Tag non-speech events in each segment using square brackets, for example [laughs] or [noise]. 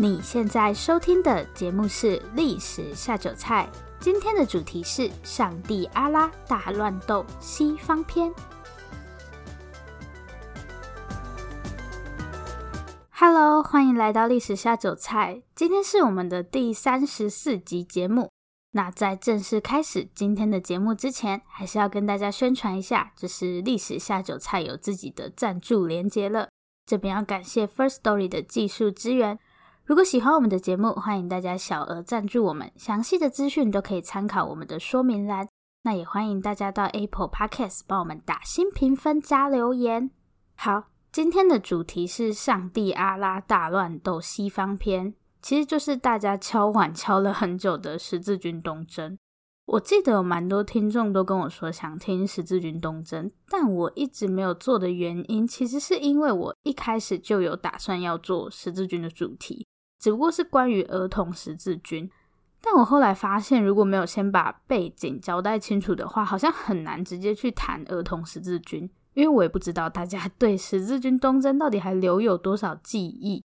你現在收聽的節目是《歷史下酒菜》，今天的主題是“上帝阿拉大亂鬥西方篇”。Hello，歡迎來到《歷史下酒菜》，今天是我們的第三十四集節目。那在正式開始今天的節目之前，還是要跟大家宣傳一下，就是《歷史下酒菜》有自己的贊助連結了。這邊要感謝 First Story 的技術支援。如果喜歡我們的節目，歡迎大家小額贊助我們。詳細的資訊都可以參考我們的說明欄。那也歡迎大家到 Apple Podcast 幫我們打新評分加留言。好，今天的主題是上帝阿拉大亂鬥西方篇，其實就是大家敲碗敲了很久的十字軍東征。我記得有蠻多聽眾都跟我說想聽十字軍東征，但我一直沒有做的原因，其實是因為我一開始就有打算要做十字軍的主題。只不過是關於兒童十字軍，但我後來發現，如果沒有先把背景交代清楚的話，好像很難直接去談兒童十字軍，因為我也不知道大家對十字軍東征到底還留有多少記憶。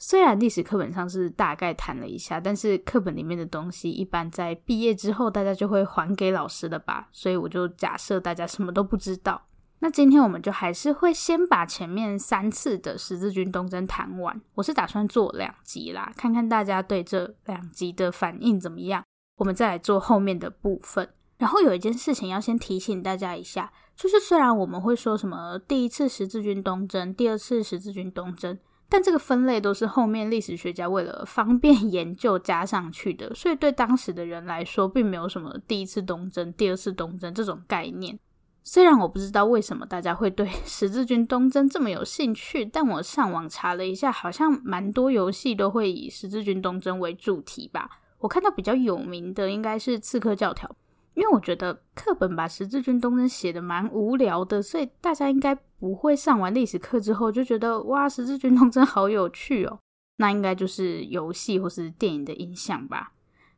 雖然歷史課本上是大概談了一下，但是課本裡面的東西，一般在畢業之後大家就會還給老師了吧，所以我就假設大家什麼都不知道。那今天我們就還是會先把前面三次的十字軍東征談完，我是打算做兩集啦，看看大家對這兩集的反應怎麼樣，我們再來做後面的部分。然後有一件事情要先提醒大家一下，就是雖然我們會說什麼第一次十字軍東征、第二次十字軍東征，但這個分類都是後面歷史學家為了方便研究加上去的，所以對當時的人來說，並沒有什麼第一次東征、第二次東征這種概念。雖然我不知道為什麼大家會對十字軍東征這麼有興趣，但我上網查了一下，好像蠻多遊戲都會以十字軍東征為主題吧。我看到比較有名的應該是《刺客教條》，因為我覺得課本把十字軍東征寫的蠻無聊的，所以大家應該不會上完歷史課之後就覺得哇，十字軍東征好有趣哦、喔。那應該就是遊戲或是電影的影響吧。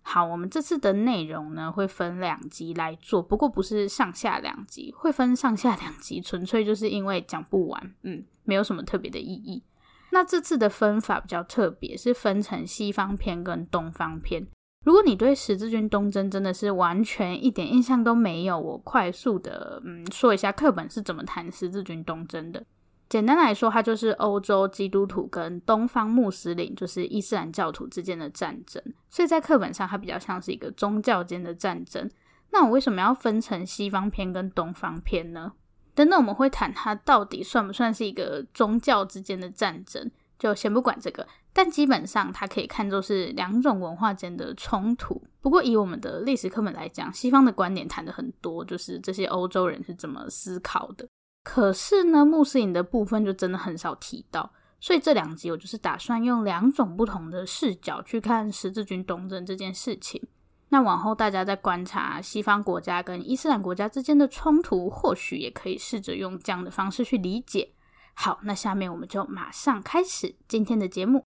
好，我們這次的內容呢，會分兩集來做，不過不是上下兩集，會分上下兩集純粹就是因為講不完，嗯，沒有什麼特別的意義。那這次的分法比較特別，是分成西方篇跟東方篇。如果你對十字軍東征真的是完全一點印象都沒有，我快速的嗯說一下課本是怎麼談十字軍東征的。簡單來說，它就是歐洲基督徒跟東方穆斯林，就是伊斯蘭教徒之間的戰爭。所以在課本上，它比較像是一個宗教間的戰爭。那我為什麼要分成西方篇跟東方篇呢？等等，我們會談它到底算不算是一個宗教之間的戰爭，就先不管這個。但基本上，它可以看作是兩種文化間的衝突。不過，以我們的歷史課本來講，西方的觀點談得很多，就是這些歐洲人是怎麼思考的。可是呢，穆斯林的部分就真的很少提到，所以這兩集我就是打算用兩種不同的視角去看十字軍東征這件事情。那往後大家在觀察西方國家跟伊斯蘭國家之間的衝突，或許也可以試着用這樣的方式去理解。好，那下面我們就馬上開始今天的節目。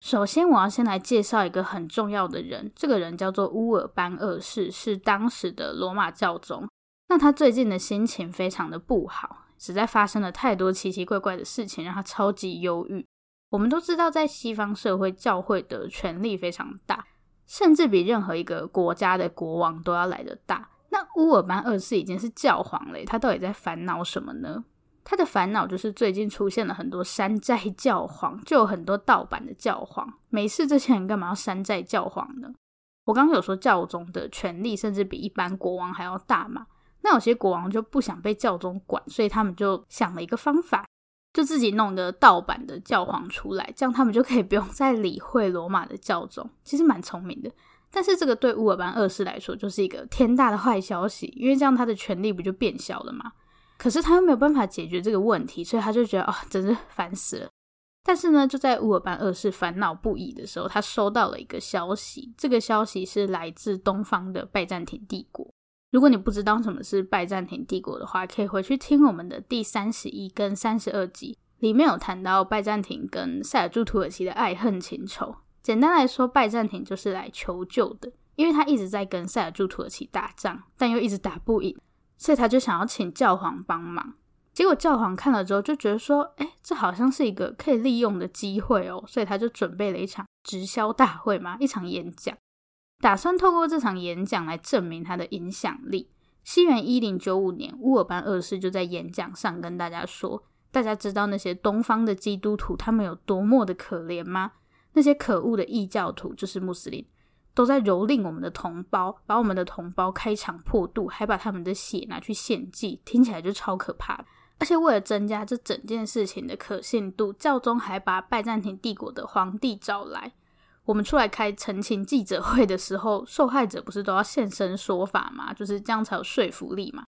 首先，我要先來介紹一個很重要的人，這個人叫做烏爾班二世，是當時的羅馬教宗。那他最近的心情非常的不好，實在發生了太多奇奇怪怪的事情，讓他超級憂鬱。我們都知道，在西方社會，教會的權力非常大，甚至比任何一個國家的國王都要來得大。那烏爾班二世已經是教皇了，他到底在煩惱什麼呢？他的煩惱就是最近出現了很多山寨教皇，就有很多盜版的教皇。沒事，這些人幹嘛要山寨教皇呢？我剛剛有說教宗的權力甚至比一般國王還要大嘛。那有些國王就不想被教宗管，所以他們就想了一個方法，就自己弄個盜版的教皇出來，這樣他們就可以不用再理會羅馬的教宗，其實蠻聰明的。但是這個對烏爾班二世來說就是一個天大的壞消息，因為這樣他的權力不就變小了嗎？可是他又沒有辦法解決這個問題，所以他就覺得啊、哦，真是煩死了。但是呢，就在烏爾班二世煩惱不已的時候，他收到了一個消息，這個消息是來自東方的拜占庭帝國。如果你不知道什麼是拜占庭帝國的話，可以回去聽我們的第三十一跟三十二集，裡面有談到拜占庭跟塞爾柱土耳其的愛恨情仇。簡單來說，拜占庭就是來求救的，因為他一直在跟塞爾柱土耳其打仗，但又一直打不贏，所以他就想要請教皇幫忙。結果教皇看了之後就覺得說，哎，這好像是一個可以利用的機會哦，所以他就準備了一場直銷大會嘛，一場演講，打算透過這場演講來證明他的影響力。西元一零九五年，烏爾班二世就在演講上跟大家說：“大家知道那些東方的基督徒他們有多麼的可憐嗎？那些可惡的異教徒，就是穆斯林，都在蹂躪我們的同胞，把我們的同胞開膛破肚，還把他們的血拿去獻祭，聽起來就超可怕。而且為了增加這整件事情的可信度，教宗還把拜占庭帝國的皇帝找來。”我們出來開澄清記者會的時候，受害者不是都要現身說法嘛？就是這樣才有說服力嘛。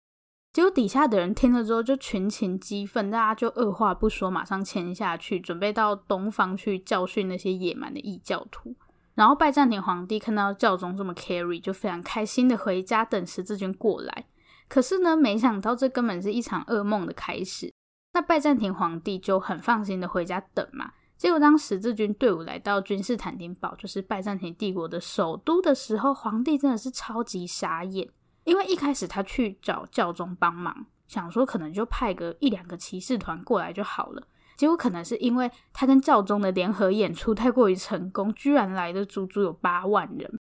結果底下的人聽了之後就群情激憤，大家就二話不說，馬上簽下去，準備到東方去教訓那些野蠻的異教徒。然後拜占庭皇帝看到教宗這麼 carry，就非常開心的回家等十字軍過來。可是呢，沒想到這根本是一場噩夢的開始。那拜占庭皇帝就很放心的回家等嘛。結果當時，當十字軍隊伍來到君士坦丁堡，就是拜占庭帝國的首都的時候，皇帝真的是超級傻眼。因為一開始他去找教宗幫忙，想說可能就派個一兩個騎士團過來就好了。結果可能是因為他跟教宗的聯合演出太過於成功，居然來的足足有八萬人。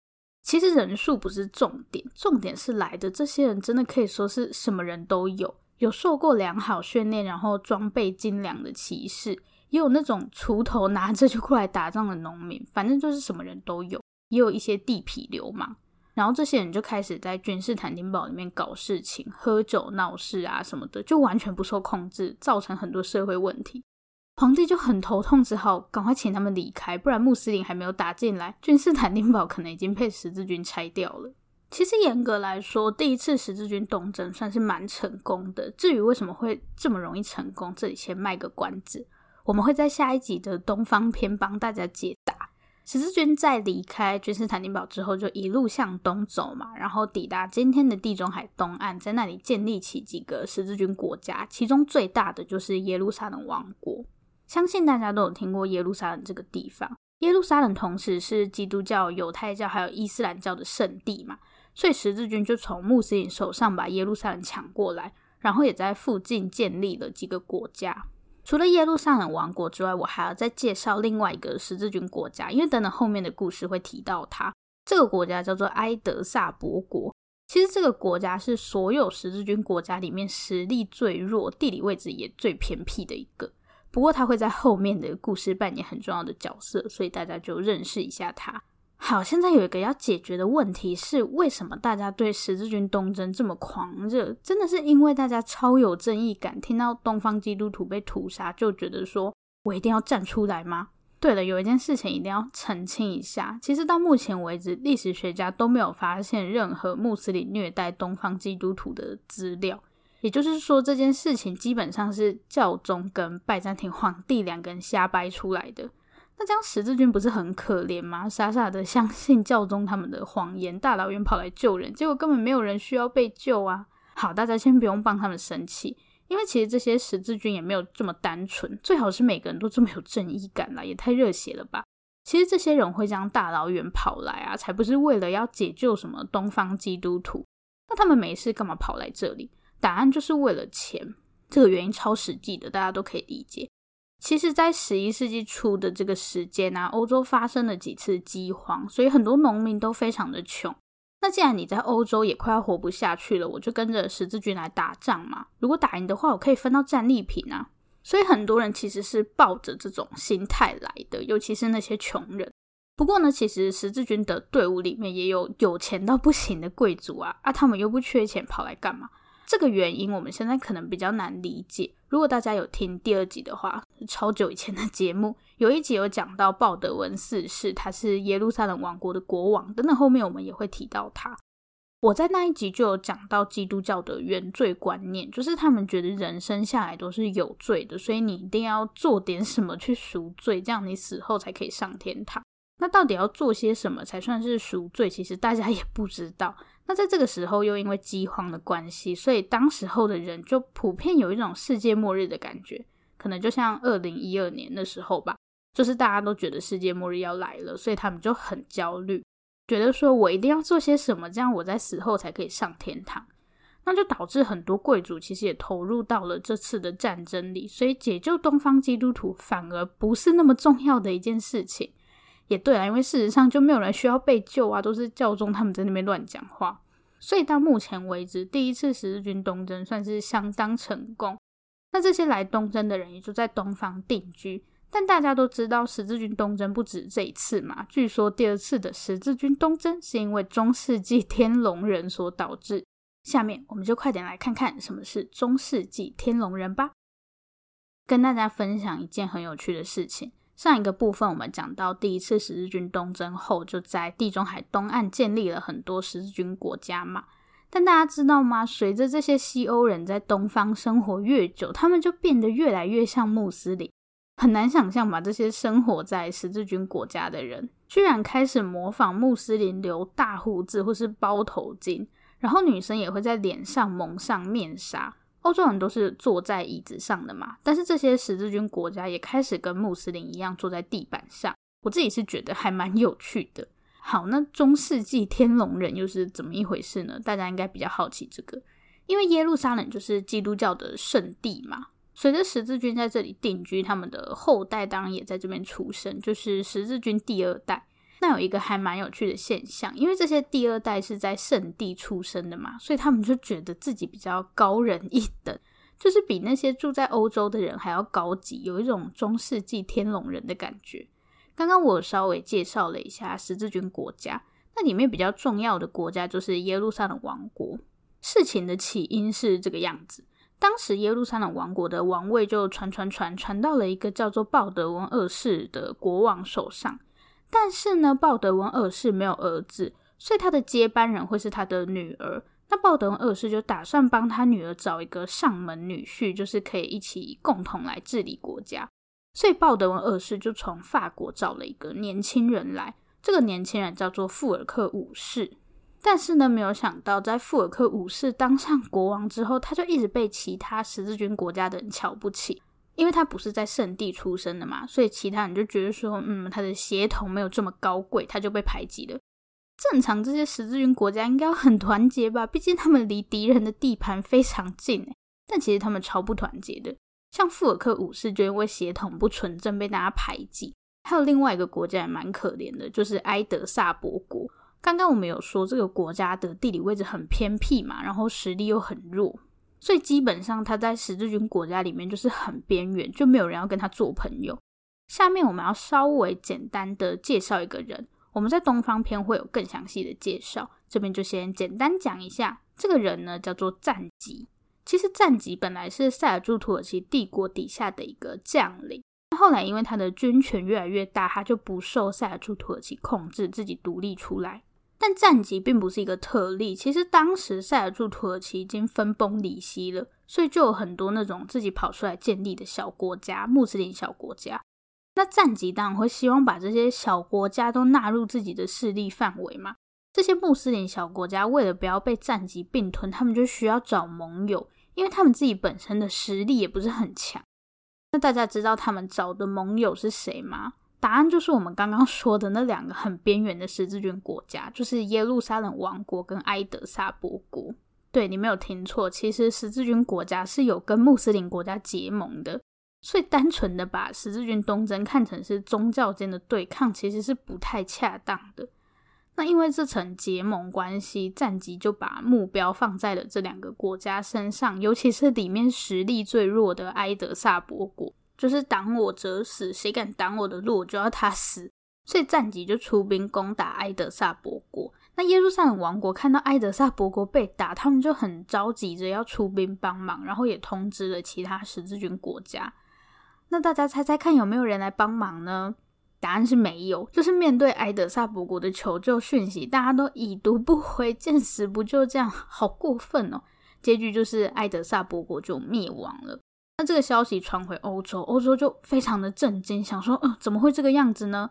其實人數不是重點，重點是來的這些人真的可以說是什麼人都有，有受過良好訓練，然後裝備精良的騎士。也有那種鋤頭拿着就過來打仗的農民，反正就是什麼人都有，也有一些地痞流氓。然後這些人就開始在君士坦丁堡裡面搞事情，喝酒鬧事啊什麼的，就完全不受控制，造成很多社會問題。皇帝就很頭痛之後，只好趕快請他們離開，不然穆斯林還沒有打進來，君士坦丁堡可能已經被十字軍拆掉了。其實嚴格來說，第一次十字軍東征算是蠻成功的。至於為什麼會這麼容易成功，這裡先賣個關子。我們會在下一集的東方篇幫大家解答。十字軍在離開君士坦丁堡之後，就一路向東走嘛，然後抵達今天的地中海東岸，在那裡建立起幾個十字軍國家，其中最大的就是耶路撒冷王國。相信大家都有聽過耶路撒冷這個地方，耶路撒冷同時是基督教、猶太教還有伊斯蘭教的聖地嘛，所以十字軍就從穆斯林手上把耶路撒冷搶過來，然後也在附近建立了幾個國家。除了耶路撒冷王國之外，我還要再介紹另外一個十字軍國家，因為等等後面的故事會提到它。這個國家叫做埃德薩伯國。其實這個國家是所有十字軍國家裡面實力最弱、地理位置也最偏僻的一個。不過它會在後面的故事扮演很重要的角色，所以大家就認識一下它。好，現在有一個要解決的問題是，為什麼大家對十字軍東征這麼狂熱？真的是因為大家超有正義感，聽到東方基督徒被屠殺就覺得說我一定要站出來嗎？對了，有一件事情一定要澄清一下，其實到目前為止，歷史學家都沒有發現任何穆斯林虐待東方基督徒的資料，也就是說，這件事情基本上是教宗跟拜占庭皇帝兩個人瞎掰出來的。那這樣十字軍不是很可憐嗎？傻傻的相信教宗他們的謊言，大老遠跑來救人，結果根本沒有人需要被救啊！好，大家先不用幫他們生氣，因為其實這些十字軍也沒有這麼單純。最好是每個人都這麼有正義感啦，也太熱血了吧？其實這些人會這樣大老遠跑來啊，才不是為了要解救什麼東方基督徒。那他們沒事幹嘛跑來這裡？答案就是為了錢，這個原因超實際的，大家都可以理解。其實在十一世紀初的這個時間啊，歐洲發生了幾次饑荒，所以很多農民都非常的窮。那既然你在歐洲也快要活不下去了，我就跟着十字軍來打仗嘛。如果打贏的話，我可以分到戰利品啊。所以很多人其實是抱着這種心態來的，尤其是那些窮人。不過呢，其實十字軍的隊伍裡面也有有錢到不行的貴族啊，啊，他們又不缺錢，跑來幹嘛？這個原因我們現在可能比較難理解。如果大家有聽第二集的話，超久以前的節目，有一集有講到鮑德文四世，他是耶路撒冷王國的國王。等等，後面我們也會提到他。我在那一集就有講到基督教的原罪觀念，就是他們覺得人生下來都是有罪的，所以你一定要做點什麼去贖罪，這樣你死後才可以上天堂。那到底要做些什麼才算是贖罪？其實大家也不知道。那在這個時候，又因為飢荒的關係，所以當時候的人就普遍有一種世界末日的感覺。可能就像二零一二年的時候吧，就是大家都覺得世界末日要來了，所以他們就很焦慮，覺得說我一定要做些什麼，這樣我在死後才可以上天堂。那就導致很多貴族其實也投入到了這次的戰爭裡，所以解救東方基督徒反而不是那麼重要的一件事情。也對啊，因為事實上就沒有人需要被救啊，都是教宗他們在那邊亂講話。所以到目前為止，第一次十字軍東征算是相當成功。那這些來東征的人也就在東方定居，但大家都知道十字軍東征不止這一次嘛。據說第二次的十字軍東征是因為中世紀天龍人所導致。下面我們就快點來看看什麼是中世紀天龍人吧。跟大家分享一件很有趣的事情。上一個部分我們講到第一次十字軍東征後，就在地中海東岸建立了很多十字軍國家嘛。但大家知道嗎？隨着這些西歐人在東方生活越久，他們就變得越來越像穆斯林。很難想象吧，這些生活在十字軍國家的人，居然開始模仿穆斯林留大鬍子，或是包頭巾，然後女生也會在臉上蒙上面紗。歐洲人都是坐在椅子上的嘛，但是這些十字軍國家也開始跟穆斯林一樣坐在地板上。我自己是覺得還蠻有趣的。好，那中世紀天龍人又是怎麼一回事呢？大家應該比較好奇這個，因為耶路撒冷就是基督教的聖地嘛。隨着十字軍在這裡定居，他們的後代當然也在這邊出生，就是十字軍第二代。那有一個還蠻有趣的現象，因為這些第二代是在聖地出生的嘛，所以他們就覺得自己比較高人一等，就是比那些住在歐洲的人還要高級，有一種中世紀天龍人的感覺。剛剛我稍微介紹了一下十字軍國家，那裡面比較重要的國家就是耶路撒冷王國。事情的起因是這個樣子：當時耶路撒冷王國的王位就傳傳傳傳到了一個叫做鮑德溫二世的國王手上，但是呢，鮑德溫二世沒有兒子，所以他的接班人會是他的女兒。那鮑德溫二世就打算幫他女兒找一個上門女婿，就是可以一起共同來治理國家。所以鮑德溫二世就從法國找了一個年輕人來，這個年輕人叫做富爾克五世。但是呢，沒有想到在富爾克五世當上國王之後，他就一直被其他十字軍國家的人瞧不起，因為他不是在聖地出生的嘛，所以其他人就覺得說，嗯，他的血統沒有這麼高貴，他就被排擠了。正常這些十字軍國家應該很團結吧？畢竟他們離敵人的地盤非常近，欸，但其實他們超不團結的。像富爾克五世就因為血統不純正被大家排擠，還有另外一個國家也蠻可憐的，就是埃德薩伯國。剛剛我們有說這個國家的地理位置很偏僻嘛，然後實力又很弱，所以基本上他在十字軍國家裡面就是很邊緣，就沒有人要跟他做朋友。下面我們要稍微簡單的介紹一個人，我們在東方篇會有更詳細的介紹，這邊就先簡單講一下。這個人呢叫做戰吉。其實贊吉本來是塞爾柱土耳其帝國底下的一個將領，後來因為他的軍權越來越大，他就不受塞爾柱土耳其控制，自己獨立出來。但贊吉並不是一個特例，其實當時塞爾柱土耳其已經分崩離析了，所以就有很多那種自己跑出來建立的小國家，穆斯林小國家。那贊吉當然會希望把這些小國家都納入自己的勢力範圍嘛。這些穆斯林小國家為了不要被贊吉併吞，他們就需要找盟友。因為他們自己本身的實力也不是很強，那大家知道他們找的盟友是誰嗎？答案就是我們剛剛說的那兩個很邊緣的十字軍國家，就是耶路撒冷王國跟埃德薩伯國。對，你沒有聽錯，其實十字軍國家是有跟穆斯林國家結盟的，所以單純的把十字軍東征看成是宗教間的對抗，其實是不太恰當的。那因為這層結盟關係，贊吉就把目標放在了這兩個國家身上，尤其是裡面實力最弱的埃德薩伯國，就是擋我者死，誰敢擋我的路，我就要他死。所以贊吉就出兵攻打埃德薩伯國。那耶路撒冷王國看到埃德薩伯國被打，他們就很着急着要出兵幫忙，然後也通知了其他十字軍國家。那大家猜猜看，有沒有人來幫忙呢？答案是沒有，就是面對埃德薩伯國的求救訊息，大家都已讀不回，見死不救，這樣好過分哦！結局就是埃德薩伯國就滅亡了。那這個消息傳回歐洲，歐洲就非常的震驚，想說，嗯，怎麼會這個樣子呢？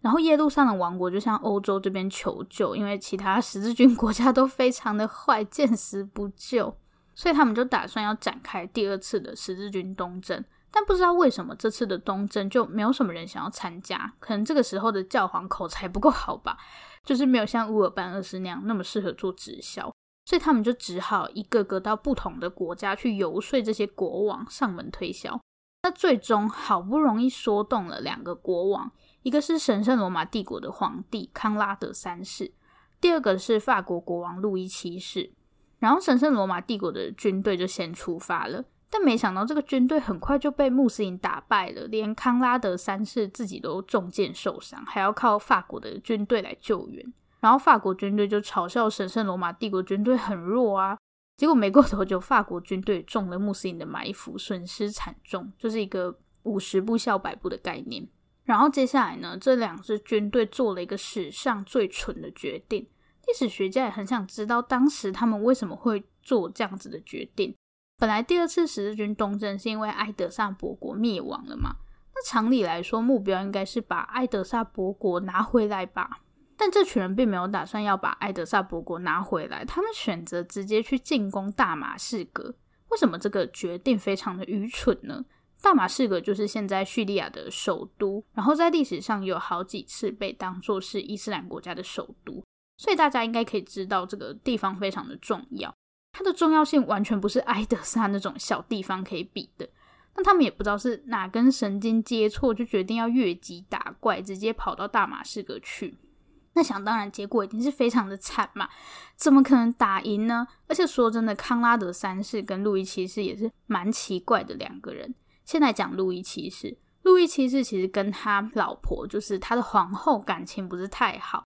然後耶路撒冷王國就向歐洲這邊求救，因為其他十字軍國家都非常的壞，見死不救，所以他們就打算要展開第二次的十字軍東征。但不知道為什麼這次的東征就沒有什麼人想要參加，可能這個時候的教皇口才不夠好吧，就是沒有像烏爾班二世那樣那麼適合做直銷，所以他們就只好一個個到不同的國家去遊說這些國王，上門推銷。那最終好不容易說動了兩個國王，一個是神聖羅馬帝國的皇帝康拉德三世，第二個是法國國王路易七世，然後神聖羅馬帝國的軍隊就先出發了。但沒想到，這個軍隊很快就被穆斯林打敗了，連康拉德三世自己都中箭受傷，還要靠法國的軍隊來救援。然後法國軍隊就嘲笑神聖羅馬帝國軍隊很弱啊。結果沒過多久，法國軍隊中了穆斯林的埋伏，損失慘重，就是一個五十步笑百步的概念。然後接下來呢，這兩支軍隊做了一個史上最蠢的決定。歷史學家也很想知道，當時他們為什麼會做這樣子的決定。本來第二次十字軍東征是因為埃德薩伯國滅亡了嘛？那常理來說，目標應該是把埃德薩伯國拿回來吧。但這群人並沒有打算要把埃德薩伯國拿回來，他們選擇直接去進攻大馬士革。為什麼這個決定非常的愚蠢呢？大馬士革就是現在敘利亞的首都，然後在歷史上有好幾次被當作是伊斯蘭國家的首都，所以大家應該可以知道這個地方非常的重要。他的重要性完全不是埃德薩那種小地方可以比的。那他們也不知道是哪根神經接錯，就決定要越級打怪，直接跑到大馬士革去。那想當然，結果一定是非常的慘嘛，怎麼可能打贏呢？而且說真的，康拉德三世跟路易七世也是蠻奇怪的兩個人。先來講路易七世，路易七世其實跟他老婆，就是他的皇後，感情不是太好。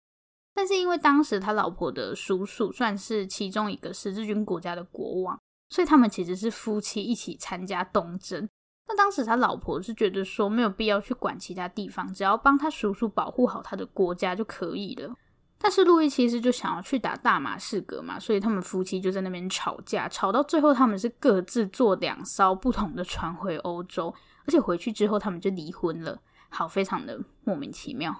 但是因為當時他老婆的叔叔算是其中一個十字軍國家的國王，所以他們其實是夫妻一起參加東征。那當時他老婆是覺得說沒有必要去管其他地方，只要幫他叔叔保護好他的國家就可以了。但是路易其實就想要去打大馬士革嘛，所以他們夫妻就在那邊吵架，吵到最後他們是各自坐兩艘不同的船回歐洲，而且回去之後他們就離婚了。好，非常的莫名其妙。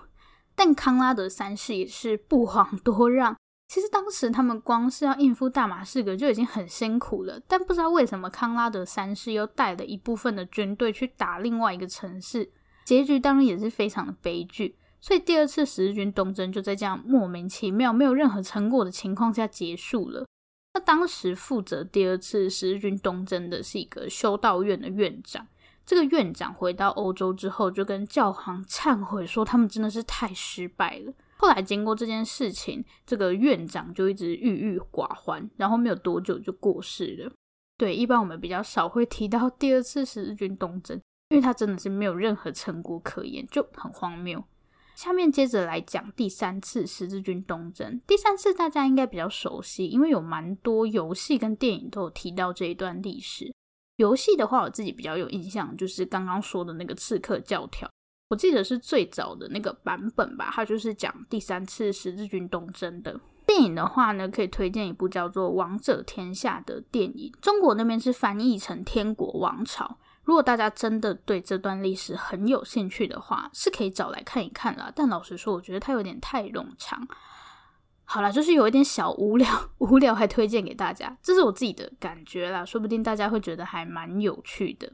但康拉德三世也是不遑多讓。其實當時他們光是要應付大馬士革就已經很辛苦了，但不知道為什麼康拉德三世又帶了一部分的軍隊去打另外一個城市，結局當然也是非常的悲劇。所以第二次十字軍東征就在這樣莫名其妙沒有任何成果的情況下結束了。那當時負責第二次十字軍東征的是一個修道院的院長。這個院長回到歐洲之後，就跟教皇懺悔說，他們真的是太失敗了。後來經過這件事情，這個院長就一直鬱鬱寡歡，然後沒有多久就過世了。對，一般我們比較少會提到第二次十字軍東征，因為它真的是沒有任何成果可言，就很荒謬。下面接着來講第三次十字軍東征。第三次大家應該比較熟悉，因為有蠻多遊戲跟電影都有提到這一段歷史。遊戲的話，我自己比較有印象，就是剛剛說的那個刺客教條，我記得是最早的那個版本吧，它就是講第三次十字軍東征的。電影的話呢，可以推薦一部叫做《王者天下》的電影，中國那邊是翻譯成《天國王朝》。如果大家真的對這段歷史很有興趣的話，是可以找來看一看啦。但老實說，我覺得它有點太冗長。好啦，就是有一點小無聊，無聊還推薦給大家，這是我自己的感覺啦，說不定大家會覺得還蠻有趣的。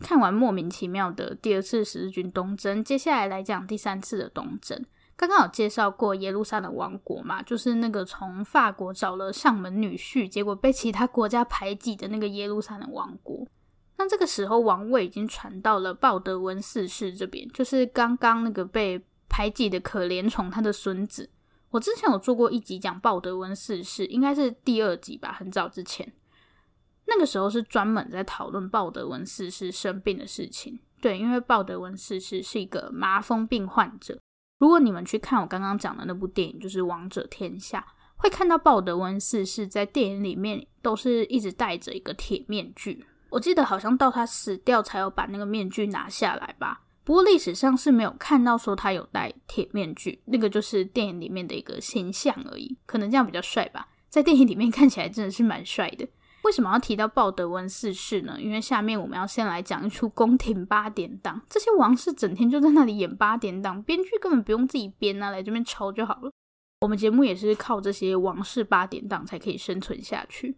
看完莫名其妙的第二次十字軍東征，接下來來講第三次的東征。剛剛有介紹過耶路撒冷王國嘛，就是那個從法國找了上門女婿，結果被其他國家排擠的那個耶路撒冷王國。那這個時候王位已經傳到了鮑德溫四世這邊，就是剛剛那個被排擠的可憐蟲他的孫子。我之前有做過一集講鮑德溫四世，應該是第二集吧，很早之前。那個時候是專門在討論鮑德溫四世生病的事情。對，因為鮑德溫四世是一個麻風病患者。如果你們去看我剛剛講的那部電影，就是《王者天下》，會看到鮑德溫四世在電影裡面都是一直戴着一個鐵面具。我記得好像到他死掉才有把那個面具拿下來吧。不過歷史上是沒有看到說他有戴鐵面具，那個就是電影裡面的一個形象而已，可能這樣比較帥吧，在電影裡面看起來真的是蠻帥的。為什麼要提到鮑德溫四世呢？因為下面我們要先來講一出宮廷八點檔，這些王室整天就在那裡演八點檔，編劇根本不用自己編啊，來這邊抄就好了。我們節目也是靠這些王室八點檔才可以生存下去。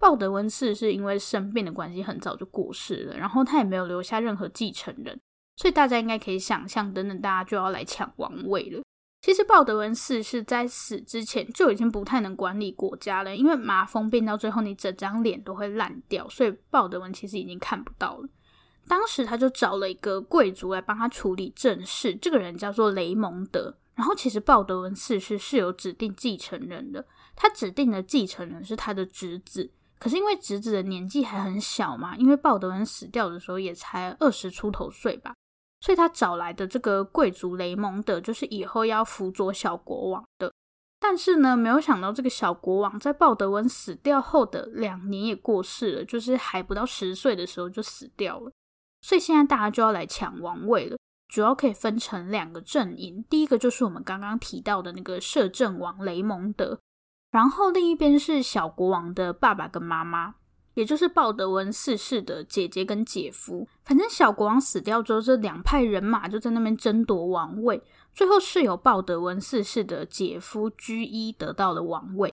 鮑德溫四世是因為生病的關係，很早就過世了，然後他也沒有留下任何繼承人。所以大家應該可以想象，等等，大家就要來搶王位了。其實鮑德溫四世在死之前就已經不太能管理國家了，因為麻風病到最後，你整張臉都會爛掉，所以鮑德溫其實已經看不到了。當時他就找了一個貴族來幫他處理政事，這個人叫做雷蒙德。然後其實鮑德溫四世是有指定繼承人的，他指定的繼承人是他的侄子，可是因為侄子的年紀還很小嘛，因為鮑德溫死掉的時候也才二十出頭歲吧。所以，他找來的這個貴族雷蒙德，就是以後要輔佐小國王的。但是呢，沒有想到這個小國王在鮑德溫死掉後的兩年也過世了，就是還不到十歲的時候就死掉了。所以現在大家就要來搶王位了。主要可以分成兩個陣營，第一個就是我們剛剛提到的那個攝政王雷蒙德，然後另一邊是小國王的爸爸跟媽媽。也就是鮑德溫四世的姐姐跟姐夫，反正小國王死掉之後，這兩派人馬就在那邊爭奪王位，最後是由鮑德溫四世的姐夫居伊得到了王位，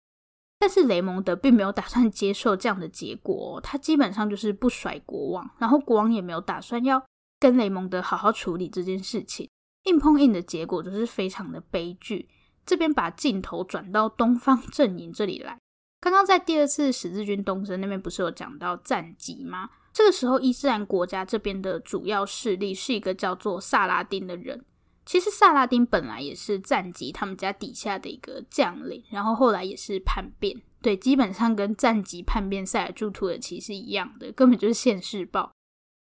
但是雷蒙德並沒有打算接受這樣的結果哦，他基本上就是不甩國王，然後國王也沒有打算要跟雷蒙德好好處理這件事情，硬碰硬的結果就是非常的悲劇。這邊把鏡頭轉到東方陣營這裡來。剛剛在第二次十字軍東征那邊不是有講到贊吉嗎？這個時候伊斯蘭國家這邊的主要勢力是一個叫做薩拉丁的人。其實薩拉丁本來也是贊吉他們家底下的一個將領，然後後來也是叛變，對，基本上跟贊吉叛變塞爾柱土耳其是一樣的，根本就是現世報。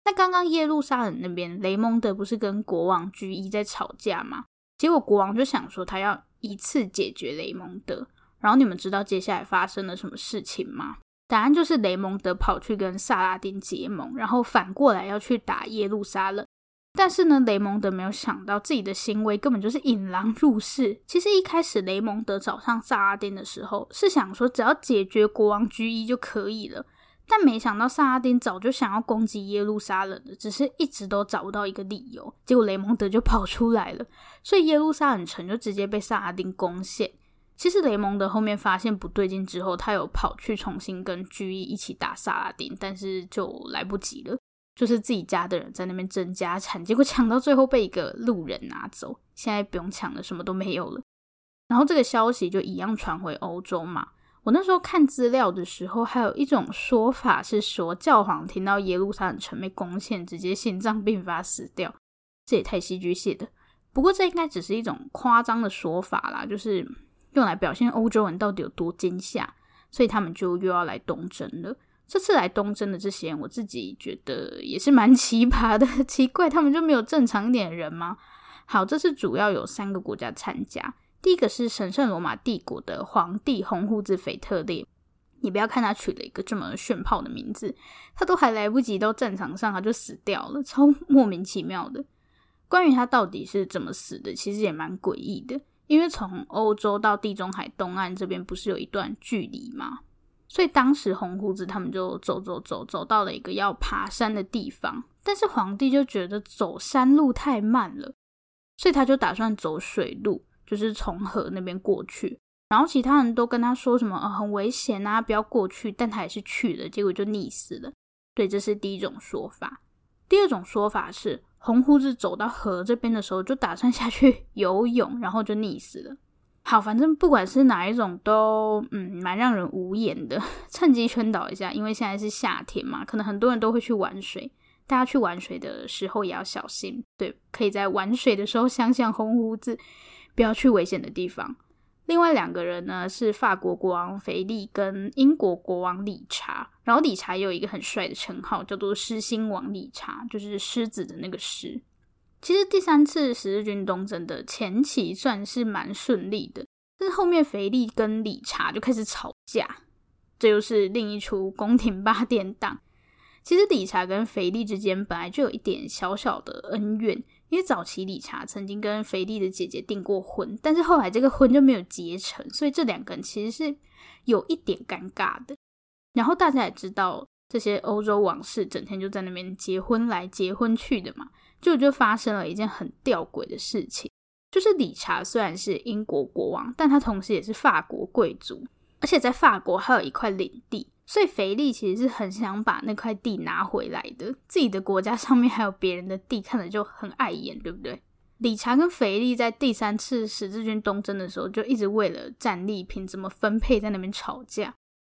那剛剛耶路撒冷那邊雷蒙德不是跟國王居伊在吵架嗎？結果國王就想說他要一次解決雷蒙德。然後你們知道接下來發生了什麼事情嗎？答案就是雷蒙德跑去跟薩拉丁結盟，然後反過來要去打耶路撒冷。但是呢，雷蒙德沒有想到自己的行為根本就是引狼入室。其實一開始雷蒙德找上薩拉丁的時候，是想說只要解決國王居伊就可以了，但沒想到薩拉丁早就想要攻擊耶路撒冷了，只是一直都找不到一個理由。結果雷蒙德就跑出來了，所以耶路撒冷城就直接被薩拉丁攻陷。其實雷蒙德後面發現不對勁之後，他有跑去重新跟居伊一起打薩拉丁，但是就來不及了。就是自己家的人在那邊爭家產，結果搶到最後被一個路人拿走，現在不用搶了，什麼都沒有了。然後這個消息就一樣傳回歐洲嘛。我那時候看資料的時候，還有一種說法是說教皇聽到耶路撒冷城被攻陷，直接心臟病發死掉，這也太戲劇性的。不過這應該只是一種誇張的說法啦，就是。用來表現歐洲人到底有多驚嚇，所以他們就又要來東征了。這次來東征的這些人，我自己覺得也是蠻奇葩的，奇怪，他們就沒有正常一點的人嗎？好，這次主要有三個國家參加，第一個是神聖羅馬帝國的皇帝紅鬍子腓特烈。你不要看他取了一個這麼炫炮的名字，他都還來不及到戰場上，他就死掉了，超莫名其妙的。關於他到底是怎麼死的，其實也蠻詭異的。因為從歐洲到地中海東岸這邊不是有一段距離嗎？所以當時紅鬍子他們就走走走，走到了一個要爬山的地方，但是皇帝就覺得走山路太慢了，所以他就打算走水路，就是從河那邊過去。然後其他人都跟他說什麼，呃，很危險啊，不要過去，但他還是去了，結果就溺死了。對，這是第一種說法。第二種說法是。紅鬍子走到河這邊的時候，就打算下去游泳，然後就溺死了。好，反正不管是哪一種都，都嗯蠻讓人無言的。趁機勸導一下，因為現在是夏天嘛，可能很多人都會去玩水，大家去玩水的時候也要小心。對，可以在玩水的時候想想紅鬍子，不要去危險的地方。另外兩個人呢，是法國國王腓力跟英國國王理查，然後理查也有一個很帥的稱號叫做獅心王理查，就是獅子的那個獅。其實第三次十字軍東征的前期算是蠻順利的，但是後面腓力跟理查就開始吵架，這就是另一出宮廷八點檔。其實理查跟腓力之間本來就有一點小小的恩怨。因為早期理查曾經跟腓力的姐姐訂過婚，但是後來這個婚就沒有結成，所以這兩個人其實是有一點尷尬的。然後大家也知道，這些歐洲王室整天就在那邊結婚來結婚去的嘛，就就發生了一件很吊詭的事情，就是理查雖然是英國國王，但他同時也是法國貴族，而且在法國還有一塊領地。所以腓力其實是很想把那塊地拿回來的，自己的國家上面還有別人的地，看着就很礙眼，對不對？理查跟腓力在第三次十字軍東征的時候，就一直為了戰利品憑怎麼分配在那邊吵架。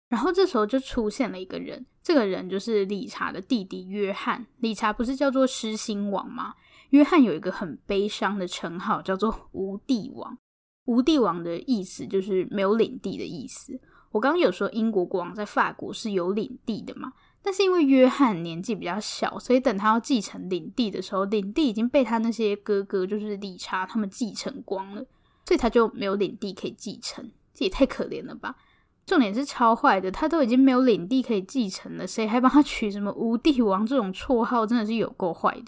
然後這時候就出現了一個人，這個人就是理查的弟弟約翰。理查不是叫做獅心王嗎？約翰有一個很悲傷的稱號，叫做無地王。無地王的意思就是沒有領地的意思。我剛有說英國國王在法國是有領地的嘛？但是因為約翰年紀比較小，所以等他要繼承領地的時候，領地已經被他那些哥哥，就是理查他們繼承光了，所以他就沒有領地可以繼承，這也太可憐了吧？重點是超壞的，他都已經沒有領地可以繼承了，誰還幫他取什麼無地王這種綽號？真的是有夠壞的。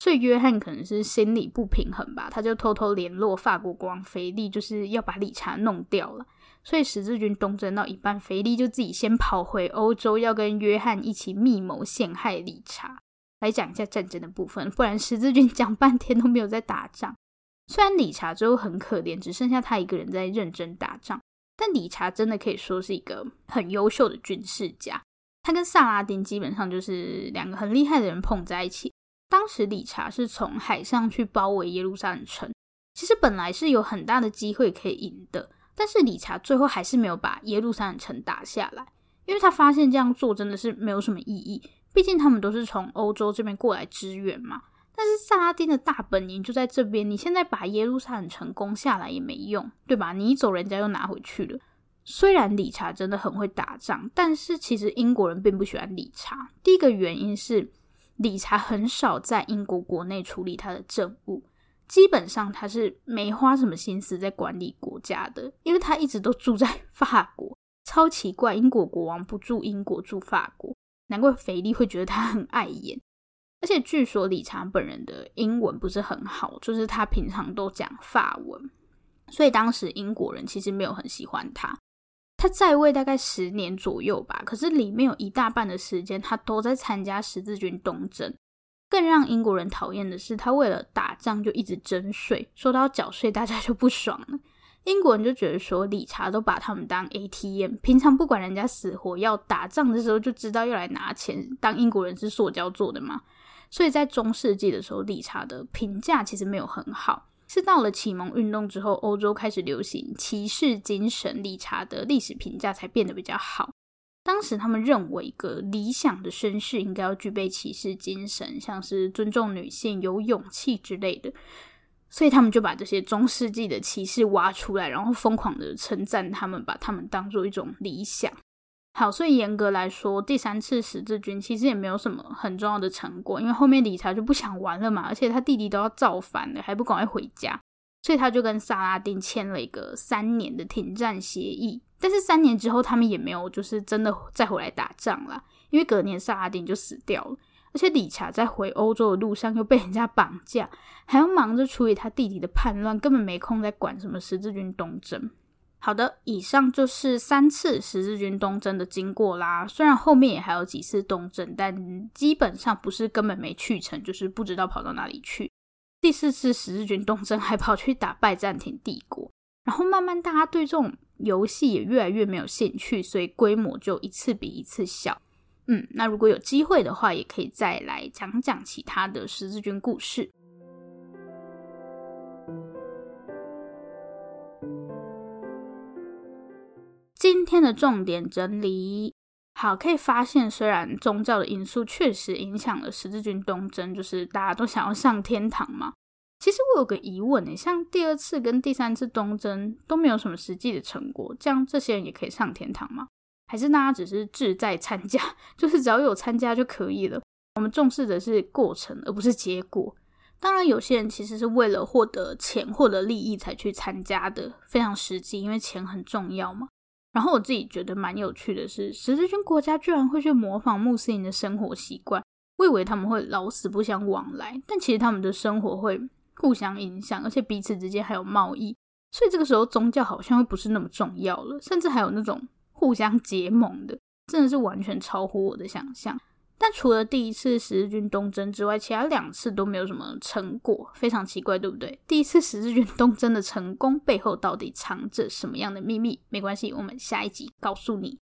所以約翰可能是心理不平衡吧，他就偷偷聯絡法國國王腓力，就是要把理查弄掉了。所以十字軍東征到一半，腓力就自己先跑回歐洲，要跟約翰一起密謀陷害理查。來講一下戰爭的部分，不然十字軍講半天都沒有在打仗。雖然理查之後很可憐，只剩下他一個人在認真打仗，但理查真的可以說是一個很優秀的軍事家。他跟薩拉丁基本上就是兩個很厲害的人碰在一起。當時理查是從海上去包圍耶路撒冷城，其實本來是有很大的機會可以贏的。但是理查最後還是沒有把耶路撒冷城打下來，因為他發現這樣做真的是沒有什麼意義。畢竟他們都是從歐洲這邊過來支援嘛。但是薩拉丁的大本營就在這邊，你現在把耶路撒冷城攻下來也沒用，對吧？你一走，人家又拿回去了。雖然理查真的很會打仗，但是其實英國人並不喜歡理查。第一個原因是理查很少在英國國內處理他的政務。基本上他是沒花什麼心思在管理國家的，因為他一直都住在法國，超奇怪，英國國王不住英國住法國，難怪腓力會覺得他很礙眼。而且據說理查本人的英文不是很好，就是他平常都講法文，所以當時英國人其實沒有很喜歡他。他在位大概十年左右吧，可是裡面有一大半的時間他都在參加十字軍東征。更讓英國人討厭的是，他為了打仗就一直徵稅，說到繳稅大家就不爽了。英國人就覺得說，理查都把他們當 ATM，平常不管人家死活，要打仗的時候就知道要來拿錢。當英國人是塑膠做的嘛？所以在中世紀的時候，理查的評價其實沒有很好，是到了啟蒙運動之後，歐洲開始流行騎士精神，理查德歷史評價才變得比較好。當時他們認為，一個理想的紳士應該要具備騎士精神，像是尊重女性、有勇氣之類的。所以他們就把這些中世紀的騎士挖出來，然後瘋狂的稱讚他們，把他們當做一種理想。好，所以嚴格來說，第三次十字軍其實也沒有什麼很重要的成果，因為後面理查就不想玩了嘛，而且他弟弟都要造反了，還不趕快回家。所以他就跟薩拉丁簽了一個三年的停戰協議。但是三年之後，他們也沒有就是真的再回來打仗了，因為隔年薩拉丁就死掉了，而且理查在回歐洲的路上又被人家綁架，還要忙着處理他弟弟的叛亂，根本沒空再管什麼十字軍東征。好的，以上就是三次十字軍東征的經過啦，雖然後面也還有幾次東征，但基本上不是根本沒去成，就是不知道跑到哪裡去。第四次十字軍東征還跑去打拜占庭帝國。然後慢慢大家對這種遊戲也越來越沒有興趣，所以規模就一次比一次小。嗯，那如果有機會的話，也可以再來講講其他的十字軍故事。今天的重點整理，好，可以發現，雖然宗教的因素確實影響了十字軍東征，就是大家都想要上天堂嘛。其實我有個疑問，你像第二次跟第三次東征都沒有什麼實際的成果，這樣這些人也可以上天堂嗎？還是大家只是志在參加，就是只要有參加就可以了？我們重視的是過程，而不是結果。當然，有些人其實是為了獲得錢、獲得利益才去參加的，非常實際，因為錢很重要嘛。然後我自己覺得蠻有趣的是，十字軍國家居然會去模仿穆斯林的生活習慣，我以為他們會老死不相往來，但其實他們的生活會。互相影響，而且彼此之間還有貿易，所以這個時候宗教好像又不是那麼重要了，甚至還有那種互相結盟的，真的是完全超乎我的想象。但除了第一次十字軍東征之外，其他兩次都沒有什麼成果，非常奇怪，對不對？第一次十字軍東征的成功背後到底藏着什麼樣的秘密？沒關係，我們下一集告訴你。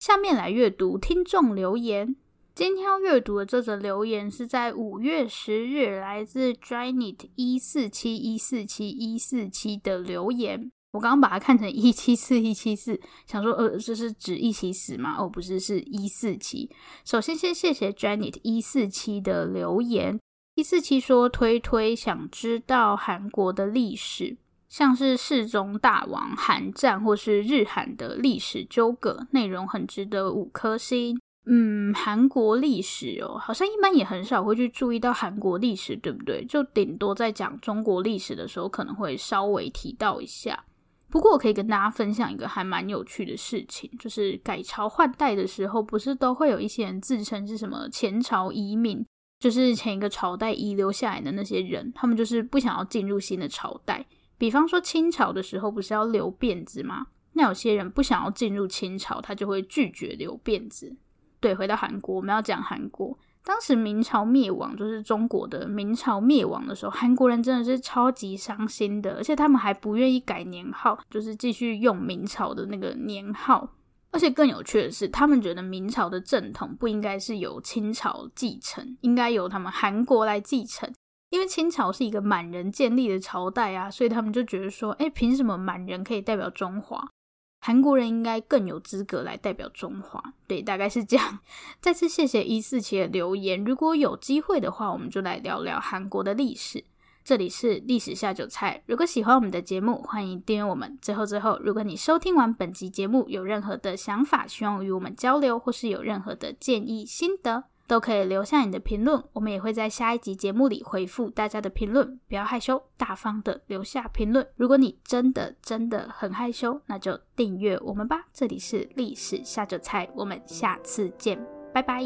下面來閱讀聽眾留言。今天要閱讀的這則留言是在五月十日，來自 Janet 一四七一四七一四七的留言。我剛剛把它看成一七四一七四，想說呃這是指一起死嗎？哦，不是，是一四七。首先先謝謝 Janet 一四七的留言。一四七說，推推，想知道韓國的歷史，像是世宗大王、韓戰或是日韓的歷史糾葛，內容很值得五顆星。嗯，韓國歷史哦，好像一般也很少會去注意到韓國歷史，對不對？就頂多在講中國歷史的時候，可能會稍微提到一下。不過我可以跟大家分享一個還蠻有趣的事情，就是改朝換代的時候，不是都會有一些人自稱是什麼前朝遺民，就是前一個朝代遺留下來的那些人，他們就是不想要進入新的朝代。比方說清朝的時候，不是要留辮子嗎？那有些人不想要進入清朝，他就會拒絕留辮子。對，回到韓國，我們要講韓國。當時明朝滅亡，就是中國的明朝滅亡的時候，韓國人真的是超級傷心的，而且他們還不願意改年號，就是繼續用明朝的那個年號。而且更有趣的是，他們覺得明朝的正統不應該是由清朝繼承，應該由他們韓國來繼承，因為清朝是一個滿人建立的朝代啊，所以他們就覺得說，哎、欸，憑什麼滿人可以代表中華？韓國人應該更有資格來代表中華，對，大概是這樣。 [laughs] 再次謝謝伊四奇的留言。如果有機會的話，我們就來聊聊韓國的歷史。這裡是歷史下酒菜。如果喜歡我們的節目，歡迎訂閱我們。最後最後，如果你收聽完本集節目有任何的想法，希望與我們交流，或是有任何的建議心得。都可以留下你的評論，我們也會在下一集節目裡回復大家的評論。不要害羞，大方的留下評論。如果你真的真的很害羞，那就訂閱我們吧。這裡是歷史下酒菜，我們下次見，拜拜。